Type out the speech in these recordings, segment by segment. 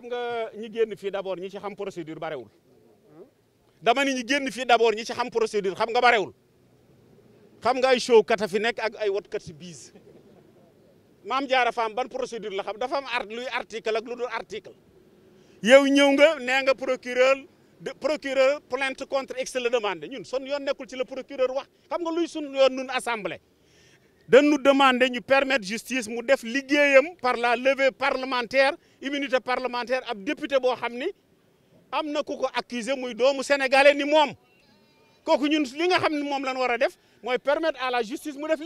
xam nga ñi génn fii d'abord ñi ci xam procédure barewul dama ni ñi génn fii d'abord ñi ci xam procédure xam ga barewul xam nga ay show kat a fi nekk ak ay wotkat si biis maam jaara faam ban procédure la xam dafa am art luy article ak lu dul article yow ñëw nga nee nga procureur de procureur plainte contre ex le demande ñun son yoon nekkul ci la procureur wa xam nga luy sun yoon nun assemblée Nous nous demander nous permettre justice mu def par la levée parlementaire immunité parlementaire ab député nous accuser muy doomu sénégalais ni mom ñun li nga lañ permettre à la justice mu def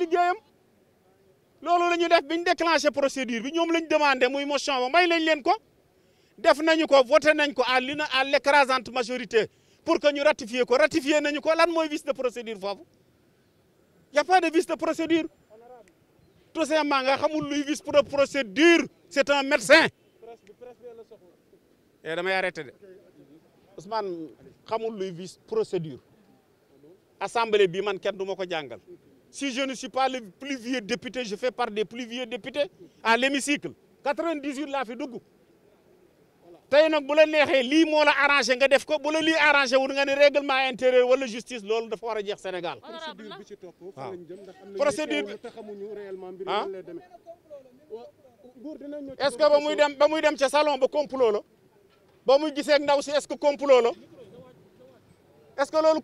lolu la procédure bi la muy motion lañ ko def nañu ko à l'écrasante majorité pour que nous ratifier ratifier nañu ko nous vice de procédure il y a pas de vice de procédure tout simplement nga xamul luy pour procédure C'est un médecin e damay arrêté de Ousmane xamul luy procédure assemblée bi man kenn ne si je ne suis pas le plus vieux député je fais part des plus vieux députés à l'hémicycle 98 là, fi goût tey nak bu la la arrangé nga def la justice dafa Sénégal. procédure bi ci ah? est ce que ba muy dem ba muy dem salon ba complot ba muy ak est ce que complot est ce que loolu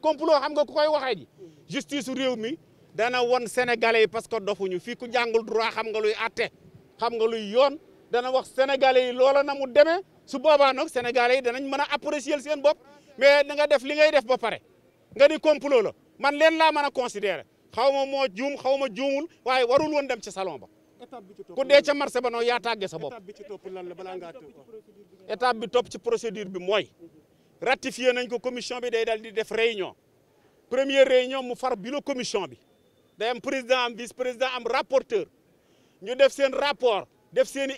complot xam nga koy justice réew mi dana won sénégalais parce que dofuñu fi ku jangul droit xam nga luy atté xam nga luy dana wax sénégalais yi loola na mu demee su boobaa nag sénégalais yi danañ mën apprécier sen bop mais da nga def li ngay def ba paré nga di complot la man len la mën considérer xawma mo djoum xawma xaw ma warul won dem ci salon ba ku dee ci marché ba noo yaa tàggee sa bop étape bi top ci procédure bi moy ratifier nañ ko commission bi day dal di def réunion première réunion mu far bi bureau commission bi day am président am vice président am rapporteur ñu def sen rapport def seen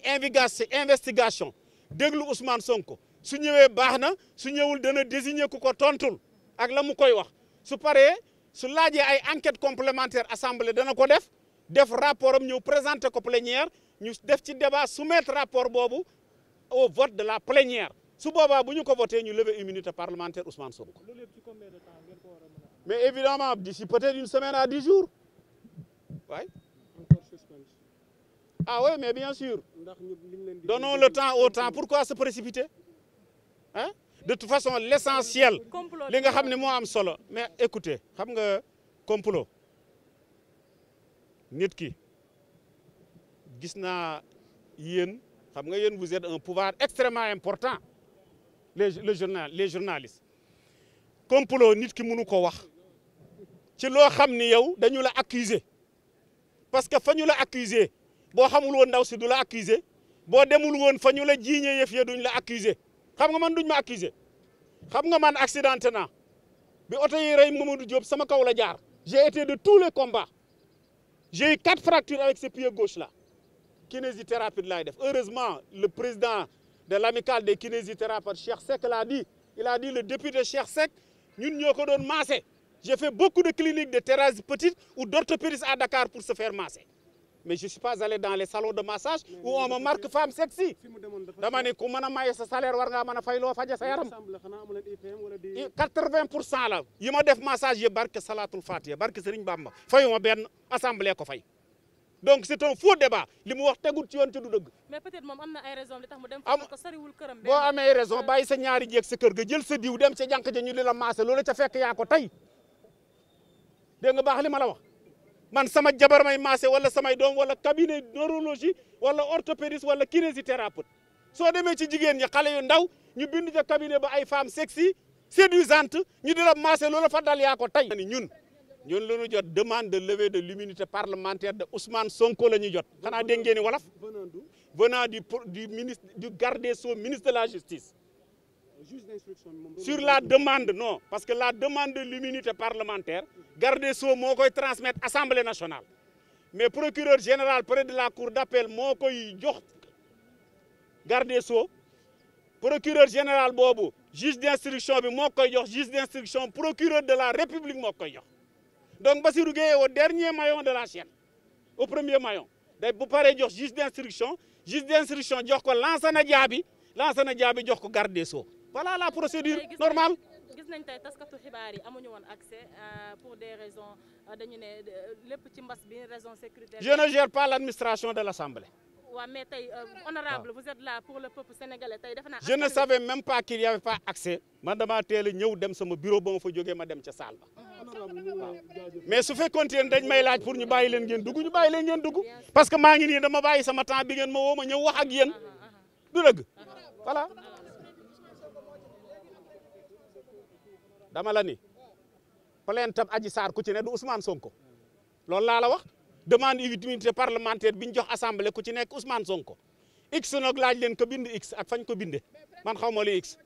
investigation déglu Ousmane Sonko su ñëwé baxna su ñëwul dana désigner ku ko tontul ak la koy wax su paré su laajee ay enquête complémentaire assemblée dana ko def def rapport am présenter ko plénière ñu def ci débat soumettre rapport bobu au vote de la plénière su boobaa bu ñu ko voter ñu lever immunité parlementaire Ousmane Sonko mais évidemment d'ici peut-être une semaine à dix jours ouais. Ah oui, mais bien sûr. Donnons le temps au temps. Pourquoi se précipiter hein? De toute façon, l'essentiel, solo mais écoutez, vous savez, complot. nit ki gis naa yéen xam nga vous êtes un pouvoir extrêmement important les le journal les journalistes complot nit ki peuvent ko wax ci loo xam yow dañu la accuser parce que quand ils la accuser bo xamul won ndaw si du la accuser boo demul won fa ñu la jiiñee yef ya duñ la accuser xam nga man duñ ma accuser xam nga man accidenté bi auto yi rey Mamadou Diop sama kaw la j'ai été de tous les combats j'ai eu quatre fractures avec ce pied gauche là kinésithérapie lay def heureusement le président de l'amicale des kinésithérapeutes Cheikh Seck l'a dit il a dit le député Cheikh Seck ñun ñoko don doon masser j'ai fait beaucoup de cliniques de thérapie petite ou d'orthopédistes à Dakar pour se faire masser mais je suis pas allé dans les salons de massage où on me marque femme sexy dama ne ku mën a maye sa salaire war ngaa mën a fay loo faje sa yaram quatre-vingt pour cent la yi ma def massage yëpp barke salaatul fatiha barke Serigne Bamba fayu ma benn assemblée ko fay donc c'est un faux débat li mu wax tegul ci yon ci du dëgg. mais peut-être moom am na ay raison li tax mu dem. am ko soriwul këram. boo amee raison euh, bàyyi sa ñaari jéeg sa kër ga jël sa diw dem sa jànk ja ñu di la maase loola ca fekk y'a ko tey dégg nga baax li ma la man sama jabar may maase wala samay doom wala cabinet neurologie wala orthopédiste wala kinésithérapeute soo demee ci jigéen ñi xale yu ndaw ñu bind ca cabinet ba ay femmes sexy séduisante ñu di la maase loola fa dal yaa ko tey. ñun ñun la ñu jot demande de levée de l'immunité parlementaire de Ousmane Sonko la ñuy jot xanaa dégg ngeen ni wolof venant du du ministre du garde ministre de la justice. sur la demande non parce que la demande de l'immunité parlementaire garde sceaux je transmettre l'Assemblée nationale mais procureur général près de la cour d'appel je garder jox procureur général Bobo, juge d'instruction juge d'instruction procureur de la république donc au dernier maillon de la chaîne au premier maillon vous parlez de juge d'instruction juge d'instruction jox ko Lansana Diaby Diaby voilà la procédure normale. gis nañ tey taskatu xibaar yi amuñu accès euh, pour des raisons euh, dañu ne euh, lépp ci mbas bi raison je ne gère pas l'administration de l'Assemblée. Oui, mais tey honorable vous êtes là pour le peuple sénégalais je ne savais même pas qu'il y avait pas accès. man damaa teel a ñëw dem sama bureau ba ma fa jógee ma dem ca salle ba. mais su fekkoon ne dañ may laaj pour ñu bàyyi leen ngeen dugg ñu bàyyi leen ngeen parce que ma ngi ni dama bayi sama temps bi ngeen ma wo ma ñëw wax ak yeen ah, ah, ah. du dëgg voilà. dama la ni plainte ab Adji Sarr ku ci ne du Ousmane Sonko loolu laa la wax demande d'immunité parlementaire bi ñu jox assemblée ku ci nekk Ousmane Sonko x nag laaj leen ko bind x ak fañ ko binde man xaw ma li x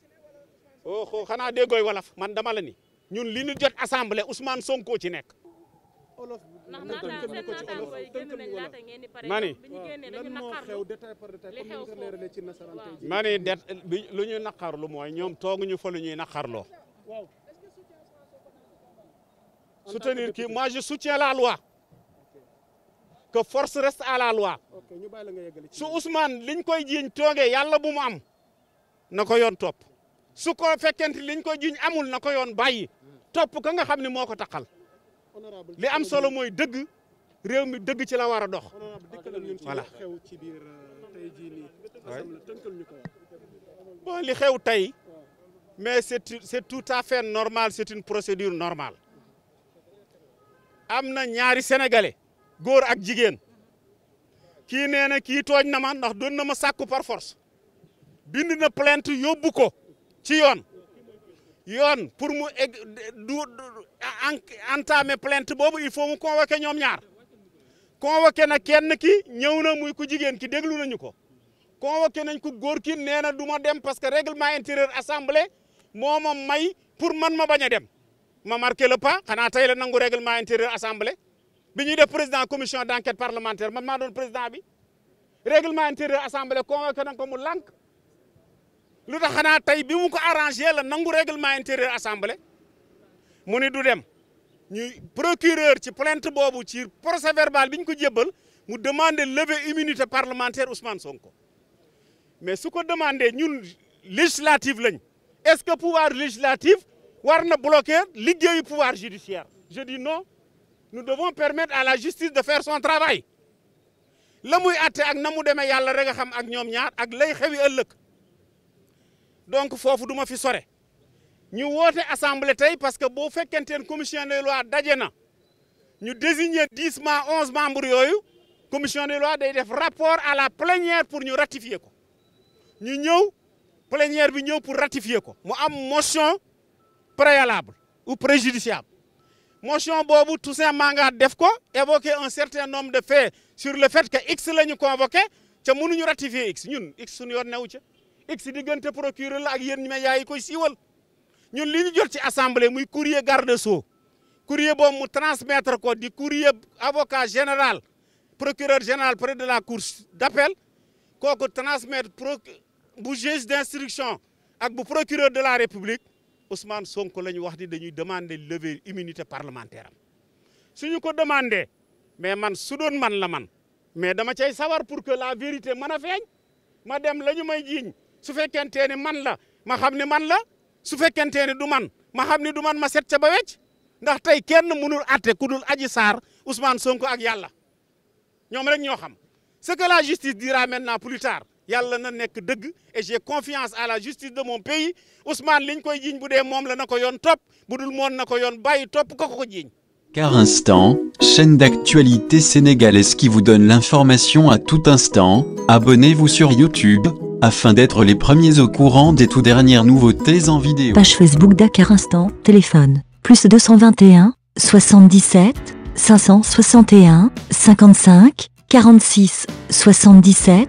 oo oh, oh, xanaa déggooy wolof man dama la ni ñun li ñu jot assemblée Ousmane Sonko ci nekk. ma ni ma ni det lu ñu naqarlu mooy ñoom tooguñu fo lu ñuy naqarloo. Soutenir que Moi, je soutiens la loi. que force reste à la loi su Ousmane liñ koy jiiñ toogee yàlla bu mu am na ko yoon topp su ko fekkente liñ koy jiiñ amul na ko yoon bàyyi topp ka nga xam ne moo ko taqal li am solo mooy dëgg réew mi dëgg ci la war dox voilà euh, bon li xew tey mais c'est tout à fait normal c'est une procédure normal am na ñaari sénégalais góor ak jigéen kii nee na kii tooñ na ma ndax doon na ma sàkku par force bind na plainte yóbbu ko ci yoon yoon pour mu egg du entamer plainte boobu il faut mu convoquer ñoom ñaar convoqué na kenn ki ñëw na muy ku jigéen ki déglu nañu ko convoqué nañ ko góor ki nee na du dem parce que règlement intérieur assemblée moo ma may pour man ma bañ a dem ma marqué le pas xanaa tey la nangu règlement intérieur assemblée bi ñuy def président commission d' enquête parlementaire man maa doon président bi règlement intérieur assemblée convoqué na ko mu lànk lu tax xanaa tey bi mu ko arrangé la nangu règlement intérieur assemblée mu ni du dem ñuy procureur ci plainte boobu ci procès verbal bi ñu ko jébbal mu demandé lever immunité parlementaire Ousmane Sonko mais su ko demande ñun législative lañ. est-ce que le pouvoir législatif va bloquer bloquer du pouvoir judiciaire je dis non nous devons permettre à la justice de faire son travail Ce qui est ak na c'est ce yàlla nous xam ak donc foofu du fi sore ñu Nous assemblée parce que si fekkenteen commission de loi, daje na ñu désigner dix 11 11 membres La commission de loi, day faire rapport à la plénière pour nous ratifier Nous ñu plénière bi ñëw pour ratifier ko mu am motion préalable ou préjudiciable motion boobu un Manga def ko évoquer un certain nombre de faits sur le fait que x la convoqué te ñu ratifier x ñun x suñu yoon newu ca x diggante procureur la ak yeen ñi médias yi koy siiwal ñun li ñu jot ci assemblée muy courrier garde sceaux courrier boobu mu transmettre ko di courrier avocat général procureur général près de la cour d'appel kooku transmettre bu juge d'instruction ak bu procureur de la république Ousmane Sonko nous a wax de dañuy demander lever immunité parlementaire am suñu ko demandé mais man su doon man la man mais dama cay savoir pour que la vérité mën a ma dem lañu may jiiñ su fekkentee ni man la ma xamni man la su fekkentee ni du man ma xamni du man ma set ca ba wecc ndax tay kenn mënul atte kudul aji sar Ousmane Sonko ak Yalla ñom rek ño xam ce que la justice dira maintenant plus tard na et j'ai confiance à la justice de mon pays Ousmane liñ koy top, Car Instant, chaîne d'actualité sénégalaise qui vous donne l'information à tout instant, abonnez-vous sur YouTube, afin d'être les premiers au courant des tout dernières nouveautés en vidéo. Page Facebook Dakar Instant, téléphone, plus 221, 77, 561, 55, 46, 77,